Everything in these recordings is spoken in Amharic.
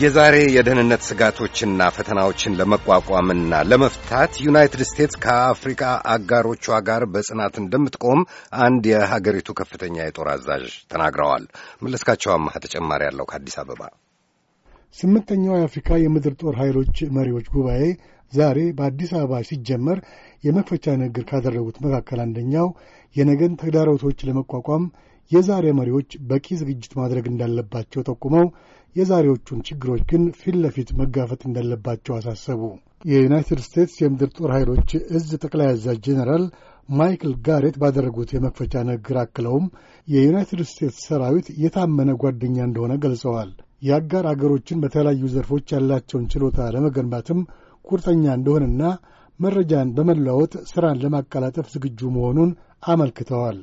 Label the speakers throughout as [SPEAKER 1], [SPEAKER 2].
[SPEAKER 1] የዛሬ የደህንነት ስጋቶችና ፈተናዎችን ለመቋቋምና ለመፍታት ዩናይትድ ስቴትስ ከአፍሪካ አጋሮቿ ጋር በጽናት እንደምትቆም አንድ የሀገሪቱ ከፍተኛ የጦር አዛዥ ተናግረዋል። መለስካቸው አማሃ ተጨማሪ አለው ከአዲስ አበባ። ስምንተኛው የአፍሪካ የምድር ጦር ኃይሎች መሪዎች ጉባኤ ዛሬ በአዲስ አበባ ሲጀመር የመክፈቻ ንግግር ካደረጉት መካከል አንደኛው የነገን ተግዳሮቶች ለመቋቋም የዛሬ መሪዎች በቂ ዝግጅት ማድረግ እንዳለባቸው ጠቁመው የዛሬዎቹን ችግሮች ግን ፊት ለፊት መጋፈጥ እንዳለባቸው አሳሰቡ። የዩናይትድ ስቴትስ የምድር ጦር ኃይሎች እዝ ጠቅላይ አዛዥ ጄኔራል ማይክል ጋሬት ባደረጉት የመክፈቻ ንግግር አክለውም የዩናይትድ ስቴትስ ሰራዊት የታመነ ጓደኛ እንደሆነ ገልጸዋል። የአጋር አገሮችን በተለያዩ ዘርፎች ያላቸውን ችሎታ ለመገንባትም ቁርጠኛ እንደሆነና መረጃን በመለዋወጥ ሥራን ለማቀላጠፍ ዝግጁ መሆኑን አመልክተዋል።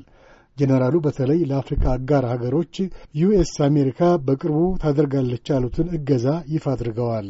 [SPEAKER 1] ጀኔራሉ በተለይ ለአፍሪካ አጋር ሀገሮች ዩኤስ አሜሪካ በቅርቡ ታደርጋለች ያሉትን እገዛ ይፋ አድርገዋል።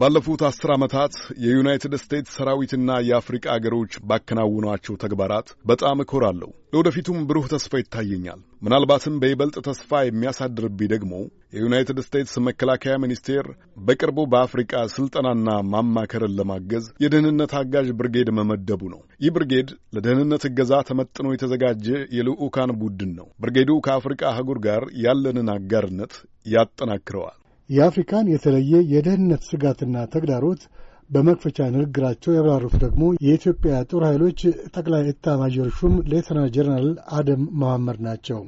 [SPEAKER 2] ባለፉት አስር ዓመታት የዩናይትድ ስቴትስ ሰራዊትና የአፍሪቃ አገሮች ባከናውኗቸው ተግባራት በጣም እኮራለሁ። ለወደፊቱም ብሩህ ተስፋ ይታየኛል። ምናልባትም በይበልጥ ተስፋ የሚያሳድርብኝ ደግሞ የዩናይትድ ስቴትስ መከላከያ ሚኒስቴር በቅርቡ በአፍሪቃ ስልጠናና ማማከርን ለማገዝ የደህንነት አጋዥ ብርጌድ መመደቡ ነው። ይህ ብርጌድ ለደህንነት እገዛ ተመጥኖ የተዘጋጀ የልዑካን ቡድን ነው። ብርጌዱ ከአፍሪቃ አህጉር ጋር ያለንን አጋርነት ያጠናክረዋል።
[SPEAKER 1] የአፍሪካን የተለየ የደህንነት ስጋትና ተግዳሮት በመክፈቻ ንግግራቸው ያብራሩት ደግሞ የኢትዮጵያ ጦር ኃይሎች ጠቅላይ ኤታማዦር ሹም ሌተና ጀነራል አደም መሐመድ ናቸው።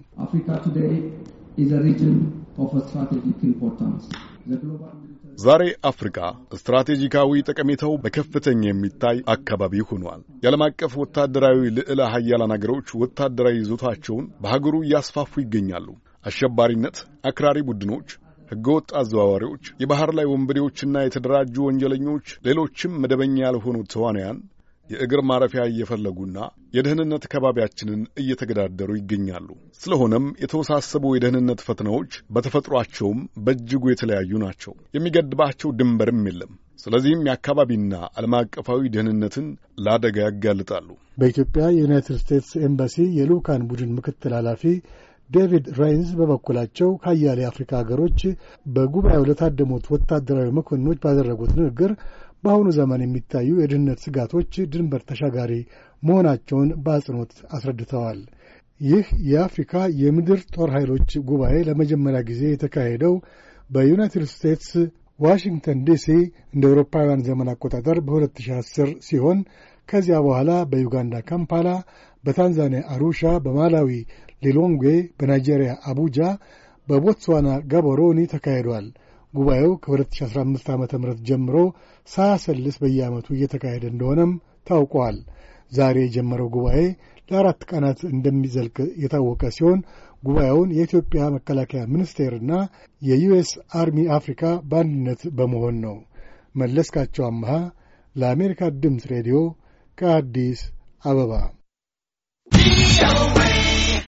[SPEAKER 2] ዛሬ አፍሪካ ስትራቴጂካዊ ጠቀሜታው በከፍተኛ የሚታይ አካባቢ ሆኗል። የዓለም አቀፍ ወታደራዊ ልዕለ ሀያላን አገሮች ወታደራዊ ይዞታቸውን በሀገሩ እያስፋፉ ይገኛሉ። አሸባሪነት፣ አክራሪ ቡድኖች ሕገወጥ አዘዋዋሪዎች፣ የባሕር ላይ ወንበዴዎችና የተደራጁ ወንጀለኞች፣ ሌሎችም መደበኛ ያልሆኑ ተዋንያን የእግር ማረፊያ እየፈለጉና የደህንነት ከባቢያችንን እየተገዳደሩ ይገኛሉ። ስለሆነም የተወሳሰቡ የደህንነት ፈተናዎች በተፈጥሯቸውም በእጅጉ የተለያዩ ናቸው። የሚገድባቸው ድንበርም የለም። ስለዚህም የአካባቢና ዓለም አቀፋዊ ደህንነትን ለአደጋ ያጋልጣሉ።
[SPEAKER 1] በኢትዮጵያ የዩናይትድ ስቴትስ ኤምባሲ የልዑካን ቡድን ምክትል ኃላፊ ዴቪድ ራይንዝ በበኩላቸው ከአያሌ አፍሪካ ሀገሮች በጉባኤው ለታደሙት ወታደራዊ መኮንኖች ባደረጉት ንግግር በአሁኑ ዘመን የሚታዩ የድህነት ስጋቶች ድንበር ተሻጋሪ መሆናቸውን በአጽንኦት አስረድተዋል። ይህ የአፍሪካ የምድር ጦር ኃይሎች ጉባኤ ለመጀመሪያ ጊዜ የተካሄደው በዩናይትድ ስቴትስ ዋሽንግተን ዲሲ እንደ አውሮፓውያን ዘመን አቆጣጠር በ2010 ሲሆን ከዚያ በኋላ በዩጋንዳ ካምፓላ፣ በታንዛኒያ አሩሻ፣ በማላዊ ሊሎንጌ በናይጄሪያ አቡጃ፣ በቦትስዋና ጋቦሮኒ ተካሂዷል። ጉባኤው ከ2015 ዓ ም ጀምሮ ሳያሰልስ በየዓመቱ እየተካሄደ እንደሆነም ታውቋል። ዛሬ የጀመረው ጉባኤ ለአራት ቀናት እንደሚዘልቅ የታወቀ ሲሆን ጉባኤውን የኢትዮጵያ መከላከያ ሚኒስቴርና የዩኤስ አርሚ አፍሪካ በአንድነት በመሆን ነው። መለስካቸው አምሃ ለአሜሪካ ድምፅ ሬዲዮ ከአዲስ አበባ